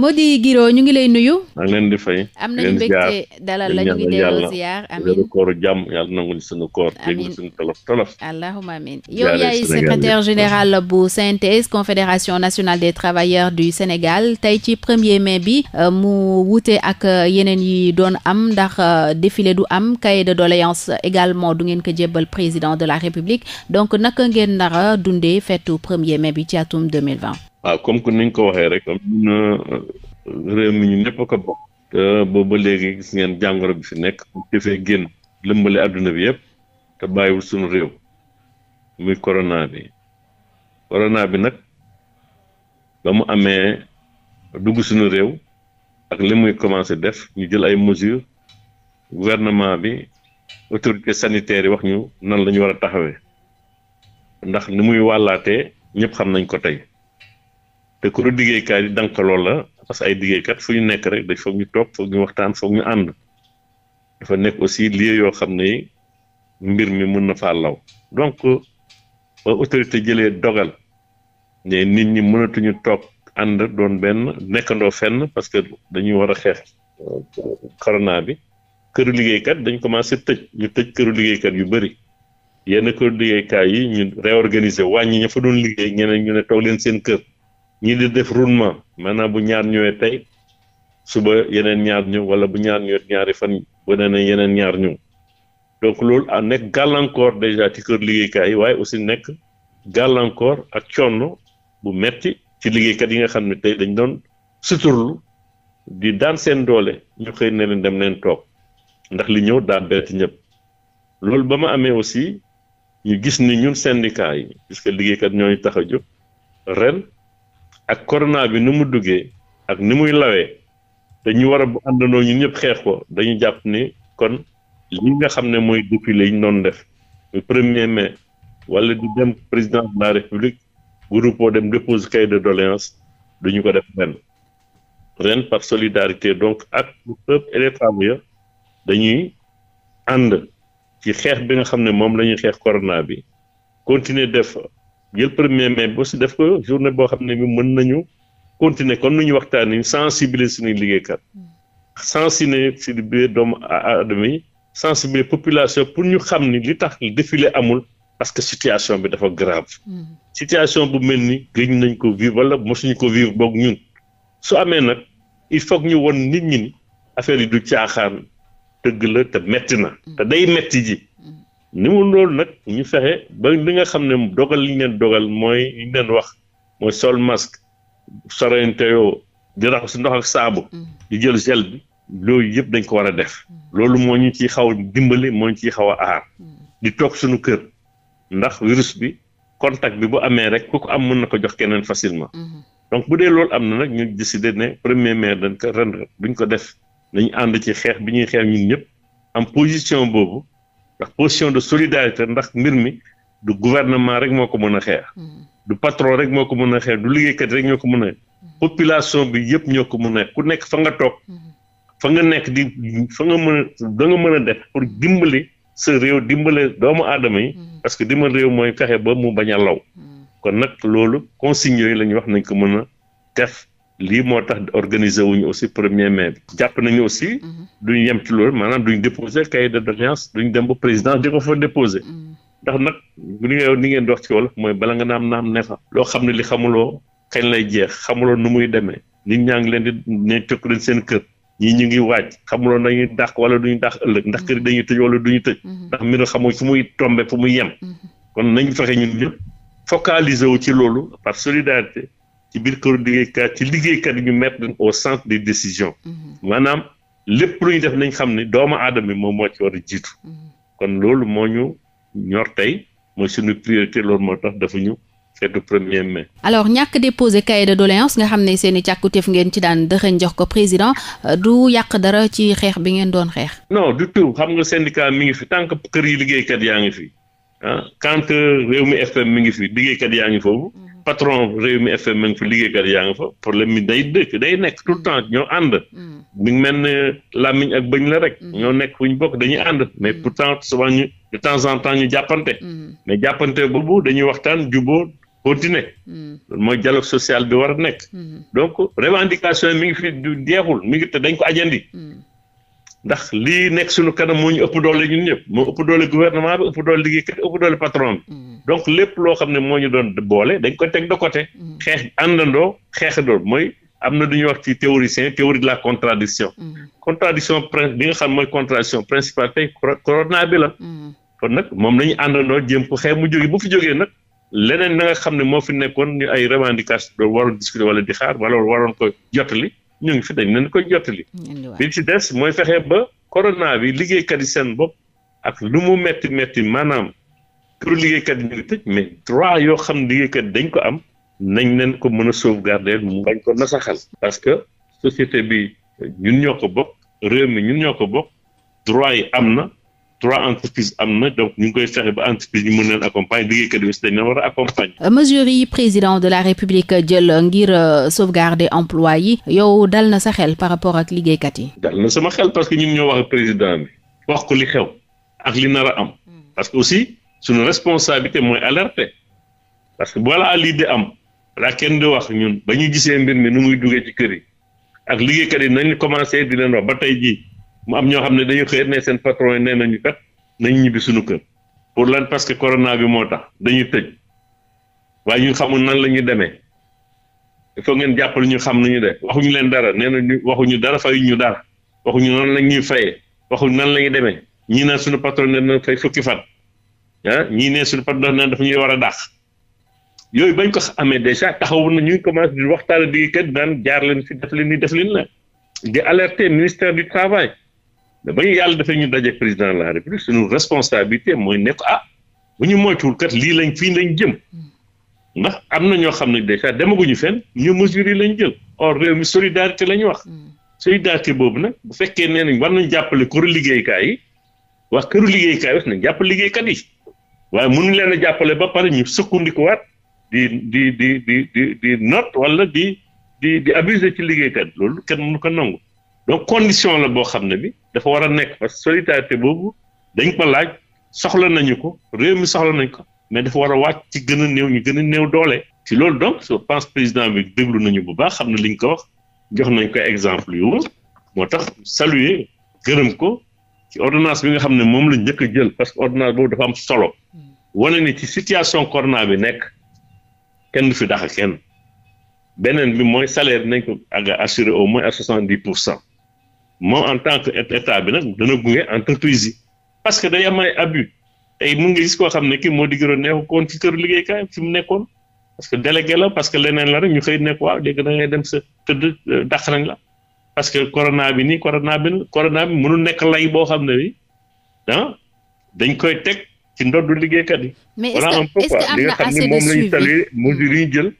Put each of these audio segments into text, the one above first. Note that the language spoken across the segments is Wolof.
Mody Guiro ñu ngi lay nuyu. am nañu mbégte dalal la ñu ngi delloo ziar amiin weeru kooru jàmm yàlla yow yaay secrétaire général bu CNTS confédération nationale des travailleurs du Sénégal tey ci premier mai bi euh, mu wuute ak euh, yeneen yi doon am ndax euh, défilé du am cahier de doléance également du ngeen ko jébbal président de la république donc naka ngeen nara dundee fetu premier mai bi ci atum 2020 waaw comme que ni ñu ko waxee rek am euh, réew mi ñu ñëpp a ko bokk. te booba léegi gis ngeen jàngoro bi fi nekk bu defee génn lëmbale àdduna bi yëpp te bàyyiwul suñu réew muy corona bi corona bi nag ba mu amee dugg suñu réew ak li muy commencé def ñu jël ay mesures gouvernement bi autorité sanitaire yi wax ñu nan la ñu war a taxawee ndax ni muy wàllaatee ñëpp xam nañ ko tey. te kuréel liggéeykaay yi dànk la parce que ay liggéeykat fu ñu nekk rek dañ foog ñu toog foog ñu waxtaan foog ñu ànd dafa nekk aussi lieu yoo xam ne mbir mi mën na faa law donc ba autorité jëlee dogal ne nit ñi mënatuñu toog ànd doon benn nekkandoo fenn parce que dañuy war a xeex euh, corona bi këru liggéeykat dañ commencé tëj ñu tëj këru liggéeykat yu bëri yenn këru liggéeykaay yi ñu réorganiser wàññi ña fa doon liggéey ñeneen ñu ne toog leen seen kër. ñi di def roulement maanaam bu ñaar ñëwee tey suba yeneen ñaar ñëw wala bu ñaar ñëwee ñaari fan wane na yeneen ñaar ñëw donc loolu a nekk gàllankoor déjà ci kër liggéeykaay yi waaye aussi nekk gàllankoor ak coono bu metti ci liggéeykat yi nga xam ne tey dañ doon suturlu di daan seen doole ñu xëy ne leen dem leen toog ndax li ñëw daa bett ñëpp loolu ba ma amee aussi ñu gis ni ñun syndicat yi puisque liggéeykat ñu tax a jóg ren ak corona bi ni mu duggee ak ni muy lawee te ñu war a bu àndandoo ñu ñëpp xeex ko dañu jàpp ni kon li nga xam ne mooy défilé yi ñu doon def le premier mais wala di dem président de la république groupe dem dépose cahier de doléance duñu ko def ren ren par solidarité donc ak le peuple et les dañuy ànd ci xeex bi nga xam ne moom la ñuy xeex corona bi continuer def jël premier mais bi aussi def ko journée boo xam ne bi mën nañu continuer kon nu ñu waxtaanee sensibiliser suñuy liggéeykat sensibiliser doomu aadama yi sensibiliser population pour ñu xam ni li tax défilé amul parce que situation bi dafa grave. Mm-hmm. situation bu mel ni gëj nañ ko vivre wala mosuñu ko vivre boog ñun su amee nag il faut ñu won nit ñi ni affaire yi du caaxaan dëgg la te metti na te day metti ji. ni mu loolu nag ñu fexe ba li nga xam ne dogal liñ leen dogal mooy li leen wax mooy sol masque soranteyoo di raxas si ndox ak saabu mm. di jël gel bi loolu yëpp dañ ko war a def mm. loolu moo ñu ciy xaw dimbali moo ñu ciy xaw a aar mm. di toog suñu kër ndax virus bi contact bi bu amee rek ku ko am mën na ko jox keneen facilement mm-hmm. donc bu dee loolu am na nag ñu décidé ne premier maire dañ ko ren buñ ko def dañu ànd ci xeex bi ñuy xeex ñun ñëpp am position boobu ndax position de solidarité ndax mbir mi du gouvernement rek moo ko mën a xeex. Mm-hmm. du patron rek moo ko mën a xeex du liggéeykat rek ñoo ko mën a mm-hmm. population bi yëpp ñoo ko mën a ku nekk fa nga toog mm-hmm. fa nga nekk di fa nga mën a da nga mën a def pour dimbali sa réew dimbale doomu aadama yi parce que dimbali réew mooy fexe ba mu bañ a law kon nag loolu consigne yooyu la ñu wax nañ ko mën a def lii moo tax organiser wuñu aussi premier mai bi jàpp nañu aussi mhm. duñ yem ci loolu maanaam duñ déposer cahier de doléance duñ dem ba président di ko fa déposer mhm. ndax nag ci wala mooy bala nga naam naam ne loo xam ne li xamuloo kañ lay jeex xamuloo nu muy demee nit ñaa ngi leen di ne tokk leen seen kër ñi ñu ngi waaj xamuloo dañuy dàq wala duñu dàq ëllëg ndax kër dañuy tëj wala duñu tëj mhm. ndax mbiru xamoo fu muy tombe fu muy yem kon nañ fexe ñun ñëpp focaliser wu ci loolu par solidarité ci biir këru liggéeykat ci liggéeykat yi ñu mettre leen au centre des décisions mhm. maanaam lépp lu def nañ xam ne doomu aadama bi moom moo ci war a jiitu mhm. kon loolu moo ñu ñor tey mooy suñu priorité loolu moo tax dafa ñu fête premier mai. alors ñàkk déposé cahier de doléance nga xam ne seen i càkkutéef ngeen ci daan dëxëñ jox ko président euh, du yàq dara ci xeex bi ngeen doon xeex. no du tout xam nga syndicat mi ngi fi tant kër yi liggéeykat yaa ngi fi kant ah, quand euh, Rewmi FM mi ngi fi liggéeykat yaa ngi foofu. Mhm. patron Rewmi FM ma ngi fa liggéeykat yaa nga fa problème bi day dëkk day nekk tout le temps ñoo ànd. mi hmm. mel ne làmmiñ ak bëñ la rek. Hmm. ñoo nekk fu bokk dañuy ànd mais hmm. pourtant souvent ñu de temps en temps ñu jàppante. mais jàppante boobu dañuy waxtaan jubóo continuer. mooy dialogue social bi war a nekk. donc revendication yi mi ngi fi du jeexul mi te dañ ko ajandi. ndax lii nekk suñu kanam moo ñu ëpp doole ñun ñëpp moo ëpp doole gouvernement bi ëpp doole liggéeykat ëpp doole patron bi mm. donc lépp loo xam ne moo ñu doon boole dañ ko teg de côté mm. xeex àndandoo xeexandoo mooy am na du ñuy wax ci théoricien théorie de la contradiction mm. contradiction bi nga xam mooy contradiction principale tey corona bi la kon nag moom la ñu àndandoo jéem ko xeex mu jógee bu fi jógee nag leneen na nga xam ne moo fi nekkoon ñu ay revendication doon wala di xaar wala waroon ko jotali ñoo ngi fi dañ leen koy jottali. li ci des mooy fexee ba corona bi liggéeykat yi seen bopp ak lu mu metti metti maanaam pour liggéeykat yi ñu ngi tëj mais droit yoo xam liggéeykat dañ ko am nañ leen ko mën a sauvegarder mu bañ ko nasaxal. parce que société bi ñun ñoo ko bokk réew mi ñun ñoo ko bokk droit yi am na. trois entreprises am na donc ñu ngi koy fexe ba entreprise ñu mën leen accompagner liggéeykat yi aussi a accompagner. Euh, mesures yi président de la république ngir euh, sauvegarder emploi yi yow dal na sa xel par rapport ak liggéeykat yi. dal na sama xel parce que ñun ñoo wax ak président bi wax ko li xew ak li nar a am. parce que aussi suñu responsabilité mooy alerter parce que voilà lii di am la kenn di wax ñun ba ñu gisee mbir mi nu muy duggee ci kër yi ak liggéeykat yi nañ commencé di leen wax ba tey jii. mu am ñoo xam ne dañu xëy ne seen patron yi nee nañu kat nañ ñibbi suñu kër pour lan parce que corona bi moo tax dañu tëj waaye ñu xamul nan la ñuy demee il faut ngeen jàppale ñu xam nu ñu waxuñu leen dara nee nañu waxuñu dara fayuñu dara waxuñu nan la ñuy fayee waxuñu nan la demee ñii naan suñu patron ne na fay fukki fan ah ñii ne suñu patron naan dafa ñuy war a dàq yooyu bañ ko amee déjà taxawu na ñuy commencé di waxtaan ak liggéeykat naan jaar leen fi def leen ni def leen la di alerte ministère du travail. ba yàlla dafay ñu daje président de la république suñu responsabilité mooy nekk ah bu ñu moytuwulkat kat lii lañ fii lañ jëm ndax am na ñoo xam ne déjà demaguñu fenn ñu mesures yi lañ jël or réew mi solidarité la ñu wax. Mm. solidarité boobu nag bu fekkee nee nañ war nañ jàppale këru liggéeykaay yi wax këru liggéeykaay wax nañ jàppale liggéeykat yi waaye mënuñ leen a jàppale ba pare ñu sukkandikuwaat di di di di di di note wala di di di abuser ci liggéeykat loolu kenn mënu ko nangu. donc condition la boo xam ne bi dafa war a nekk parce que solidarité boobu dañ ko laaj soxla nañu ko réew mi soxla nañ ko mais dafa war a wàcc ci gën a néew ñu gën a néew doole. ci loolu donc je pense président bi déglu nañu bu baax xam ne liñ ko wax jox nañ koy exemple yu moo tax saluer gërëm ko ci ordinance bi nga xam ne moom la njëkk jël parce que ordonnance boobu dafa am solo hmm. wane ni ci situation corona bi nekk kenn du fi dax kenn beneen bi mooy salaire nañ ko àgg assuré au moins à soixante pour cent. moom en tant que état bi nag dana gunge entreprise yi parce que day am ay abus tey mun nga gis koo xam ne kii moo diggiroo koon ci kër liggéeykaay fi mu nekkoon parce que délégué la parce que leneen la rek ñu xëy nekk waaw dégg na ngay dem sa tëdd euh, dàq nañ la parce que corona bi nii corona bi corona bi mënul nekk lay boo xam ne ni ah dañ koy teg ci ndoddu liggéeykat yi. mais est am na quoi li nga xam ne moom la ñu jël.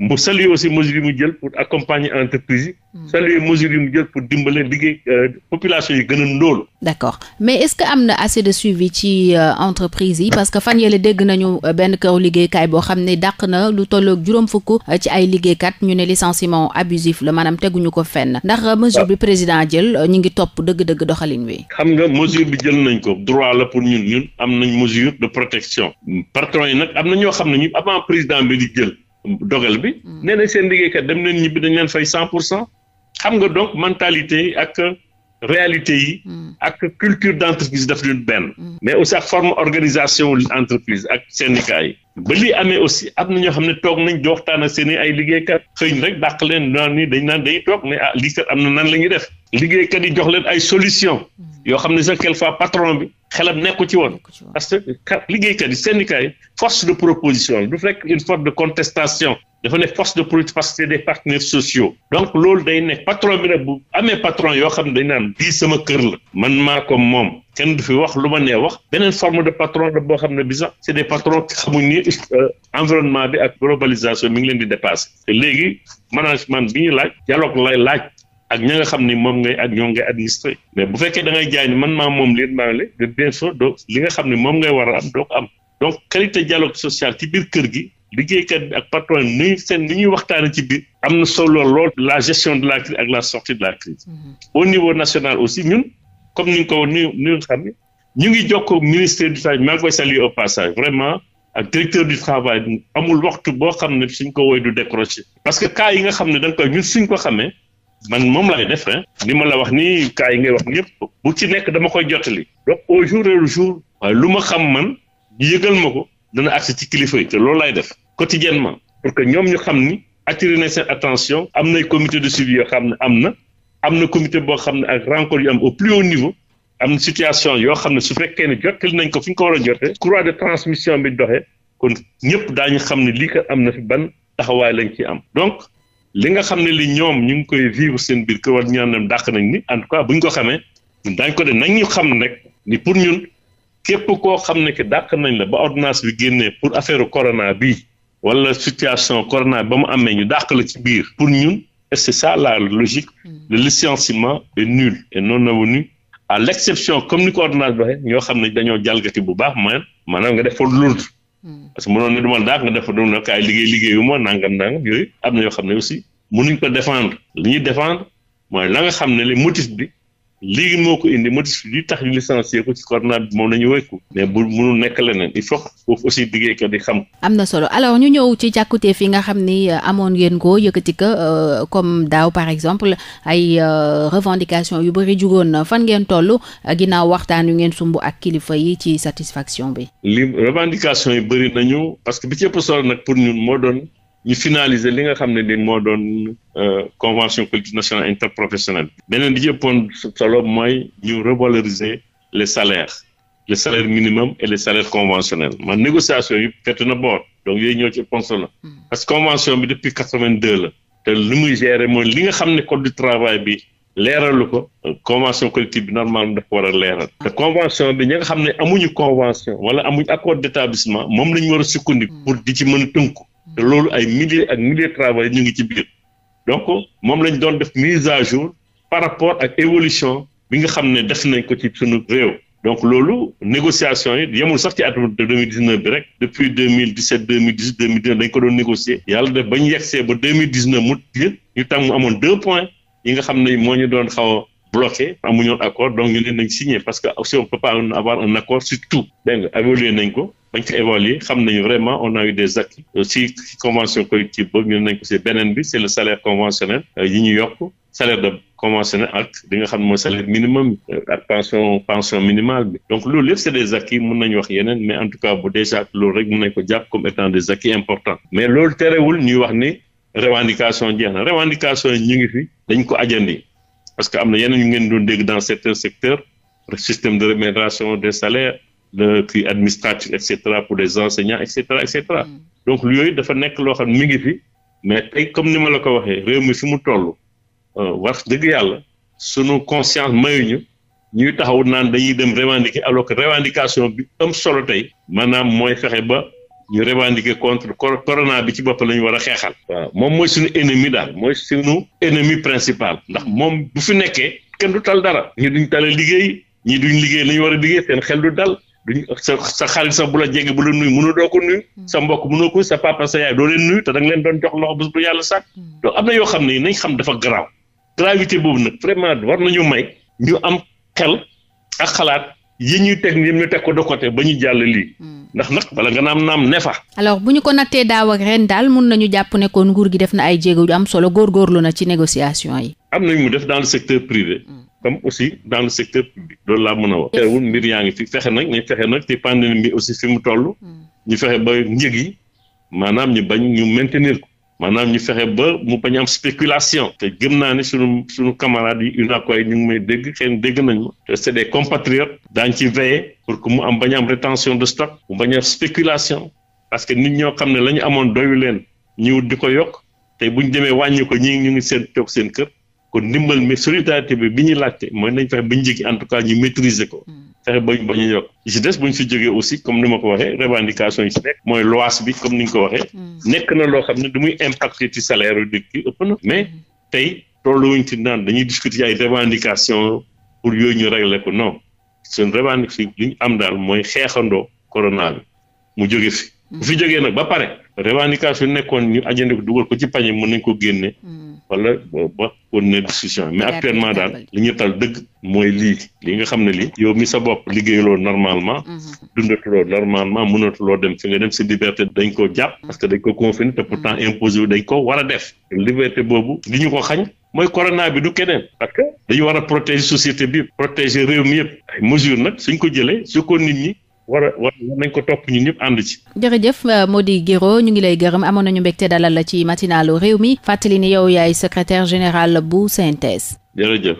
mu saluer aussi mesures yu mu jël pour accompagner entreprise yi. Hmm. saluer mesures yi mu jël pour dimbale liggéey euh, population yi gën a ndóol. d'accord mais est-ce que am na assez de suivi ci euh, entreprise yi parce que fan yële dégg nañu euh, benn këru liggéeykaay boo xam ne dàq na lu tolloog juróom fukk ci ay liggéeykat ñu ne licenciement abusif la maanaam teguñu ko fenn ndax mesure bi ah. président jël ñu ngi topp dëgg-dëgg doxalin wi. xam nga mesure bi jël nañ ko droit la pour ñun ñun am nañ mesure de protection. patron yi nag am na ñoo xam ne ñu avant président bi di dogal bi. Hmm. nee na seen liggéeykat dem nañ ñibbi dañ leen fay cent pour cent xam nga donc mentalité ak réalité yi. Hmm. ak culture d' entreprise daf leen benn. Hmm. mais aussi ak forme organisation entreprise ak seen yi. ba lii amee aussi am na ñoo xam ne toog nañ joxtaan ak seen i ay liggéeykat xëy rek dàq leen naan ni dañ naan day toog ne ah lii kat am na nan la ñuy def. liggéeykat yi jox leen ay solution yoo xam ne sax quelquefois patron bi. xelam nekku ci woon parce que liggéeykat yi seen yi force de proposition du fekk une forme de contestation dafa nekk force de proposition parce que c'est des partenaires sociaux donc loolu day nekk patron bi nag bu amee patron yoo xam ne dañ naan bii sama kër la man maa kom moom kenn du fi wax lu ma nee wax beneen forme de patron la boo xam ne bi sax c'est des patrons xamuñ ni euh, environnement bi ak globalisation mi ngi leen di dépasser te léegi management bi ñu laaj dialogue lay laaj ak ña nga xam ni moom ngay ak ñoom ngay administré mais bu fekkee da ngay jaay ni man maa moom leen maa leen bien sûr doo li nga xam ne moom ngay war a am doo ko am donc qualité dialogue social ci biir kër gi liggéeykat bi ak patron ni seen ni ñuy waxtaane ci biir am na solo lool la gestion de la crise ak la sortie de mm-hmm. au niveau national aussi ñun comme ni nga ko ni ni nga xam ne ñu ngi jokkoo ministère du travail maa ngi koy saluer au passage vraiment ak amul waxtu boo xam ne suñ ko woy du décroché parce que cas yi nga xam ne danga nga koy ñun suñ ko xamee man moom laay def hein li ma la wax nii kaa yi ngay wax yëpp bu ci nekk dama koy jottali donc au jour le jour waaye lu ma xam man yëgal ma ko dana agsi ci kilifa yi te loolu laay def quotidiennement pour que ñoom ñu xam ni attirer na seen attention am nay comité de suivi yoo xam ne am na am na comité boo xam ne ak rencontre yu am au plus haut niveau am na situation yoo xam ne su fekkee ne jottali nañ ko fi ñu ko war a jotee courroie de transmission bi doxee kon ñëpp daañu xam ne lii kat am na fi ban taxawaay lañ ci am donc li nga xam ne li ñoom ñu ngi koy vivre seen biir kër war ñaanam dàq nañ ni en tout cas bu ñu ko xamee daañ nañ ñu xam ne rek ni pour ñun képp koo xam ne que dàq nañ la ba ordonnance bi génnee pour affaire corona bii wala situation corona ba mu amee ñu dàq la ci biir pour ñun et c'est ça la logique le licenciement est nul et non avenu à l'exception comme ni ko ordonnance bi waxee ñoo xam ne dañoo jalgati bu baax maanaam maanaam nga def faute lourde parce que mënoon ne du ma daax nga def fa doon nag ay liggéey liggéeyu ma nangam nangam yooyu am na yoo xam ne aussi ñu ko défendre li ñuy défendre mooy la nga xam ne li motif bi léegi moo ko indi motif li tax ñu licencié ko ci corona moom la ñu wekku mais bu mënul nekk leneen il faut foofu aussi liggéeykat di xam. am na solo alors ñu ñëw ci càkkutéef fi nga xam ni euh, amoon ngeen ko yëkkati ka euh, comme daaw par exemple ay euh, revendication yu bëri jugoon na fan ngeen toll ginnaaw waxtaan yu ngeen sumb ak kilifa yi ci satisfaction bi. li revendication yu bëri nañu parce que bi ci ëpp solo nag pour ñun moo doon. ñu finaliser li nga xam ne ni moo doon euh, convention collective nationale interprofessionnelle beneen di jëppoon solo mooy ñu revaloriser les salaire le salaires minimum et les salaires conventionnels man négociation yi fett na boor donc yooyu ñëw ci ponso la hmm. parce que convention bi depuis quatre-vingt-deux la te li muy gérer mooy li nga xam ne code du travail bi leeralu ko convention collective bi normalement dafa war a leeral hmm. te convention bi ñi nga xam ne amuñu convention wala amuñu accord d'établissement moom la ñu war a sukkandiku hmm. pour di ci mën a tënku loolu ay milliers ak milliers travailleurs ñu ngi ci biir donc moom lañ doon def mise à jour par rapport ak évolution bi nga xam ne def nañ ko ci suñu réew. donc loolu négociation yi yemul sax ci atum deux mille dix neuf bi rek depuis deux mille dix sept deux mille dix huit neuf dañ ko doon négocier yàlla def ba ñu yegsee ba deux mille dix neuf mu tiir ñu tam mu amoon deux points yi nga xam ne moo ñu doon xaw a bloqué amuñoon accord donc ñu ne nañ signé parce que aussi on peut pas nañ ko bañ ko évaluer xam nañu vraiment on a eu des acquis euh, si convention collective boobu ñu nañ ko si beneen bi c' le salaire conventionnel euh, yi ñu yokk salaire de conventionnel ak li nga xam ne mooy salaire minimum euh, ak pension pension bi donc loolu lépp c' est des acquis mun nañu wax yeneen mais en tout cas bu déjà loolu rek mun nañ ko jàpp comme étant des acquis importants mais loolu terewul ñuy wax ni revendication jeex na revendication ñu ngi fi dañ ko ajandi parce que am na yeneen ñu ngeen doon dégg dans certains secteurs système de rémunération des salaires le kii administratif et cetera pour les enseignants et cetera et cetera mm. yooyu dafa nekk loo xam mi ngi fi mais tey comme ni ma la ko waxee réew mi fi mu toll euh, wax dëgg yàlla sunu conscience mayuñu ñuy taxaw naan dañuy dem revendiquer alors que revendication bi am solo tey maanaam mooy fexe ba ñu revendiquer contre corona bi ci bopp la ñu xeexal. waaw moom mooy suñu ennemi daal mooy suñu ennemi principal ndax mm. moom bu fi nekkee kenn du tal dara ñi duñ tale liggéey ñi duñ liggéey la ñu war a liggéey seen xel du dal. duñ sa sa xarit sax bu la jege bu la nuyu mënu doo ko nuyu hmm. sa mbokk mënoo ko sa papa sa yaay doo leen nuyu te da leen doon jox loxo bés bu yàlla sax hmm. donc am na yoo xam ne nañ xam dafa garaaw gravité boobu nag vraiment war nañu may ñu am xel ak xalaat yi ñuy teg yém ñu teg ko de côté ba ñu jàll lii hmm. ndax nag bala nga naam naam ne fa alors bu ñu ko nattee daaw ak daal mun nañu jàpp ne kon nguur gi def na ay jéego yu am solo góorgóorlu na ci négociation yi am nañ mu def dans le secteur privé comme aussi dans le secteur public loolu laa mën a wax. mbir yaa ngi fi fexe nag ñu fexe nag ci pandémie bi aussi fi mu toll. Hmm. ñu fexe ba njëg yi maanaam ñu bañ ñu maintenir ko. maanaam ñu fexe ba mu bañ am spéculation. te gëm naa ne sunu sunu camarades yi UNACOIS yi ñu ngi may dégg xëy dégg nañ ma. te c'est des compatriotes. daañu ci veiller pour que mu am bañ am rétention de stock. mu bañ a spéculation. parce que nit ñoo xam ne la ñu amoon doyu leen. ñëw di ko yokk. te bu ñu demee wàññi ko ñu ngi seen toog seen kër. kon ndimbal mi solidarité bi bi ñuy laajte mooy nañ fexe ba ñu jigi en tout cas ñu maîtriser ko hmm. fexe ba ñu ba ñu yokk si des bu ñu fi jógee aussi comme ni ma ko waxee revendication yi si nekk mooy loas bi comme ni ñu ko waxee hmm. nekk na loo xam ne du muy impacté ci salaire yu dëkk yi ëpp na mais hmm. tey tolluwuñ ci naan dañuy discuter ay revendication pour yooyu ñu régler ko non seen revendication li ñu am daal mooy xeexandoo corona bi mu jóge fi bu fi jógee nag ba pare revendication nekkoon ñu ajandi dugal ko ci pañe mën nañ ko génne wala ba kon ne discussion mais actuellement daal li ñu tal dëgg mooy lii li nga xam ne lii yow mi sa bopp liggéeyuloo normalement mhm. dundatuloo normalement mënatuloo dem fi nga dem si liberté dañ ko jàpp parce que dañ ko confiner te pourtant mhm. imposé wu dañ ko war a def liberté boobu li ñu ko xañ mooy corona bi du keneen parce que dañu war a protéger société bi protéger réew mi yëpp ay mesure nag suñ ko jëlee su ko nit ñi war a nañ ko topp ñun ñëpp ànd ci. jërëjëf euh, Mody géro ñu ngi lay gërëm amoon nañu mbégte dalal la ci matinalu réew mi fàttali ni yow yaay secretaire général bu CNTS.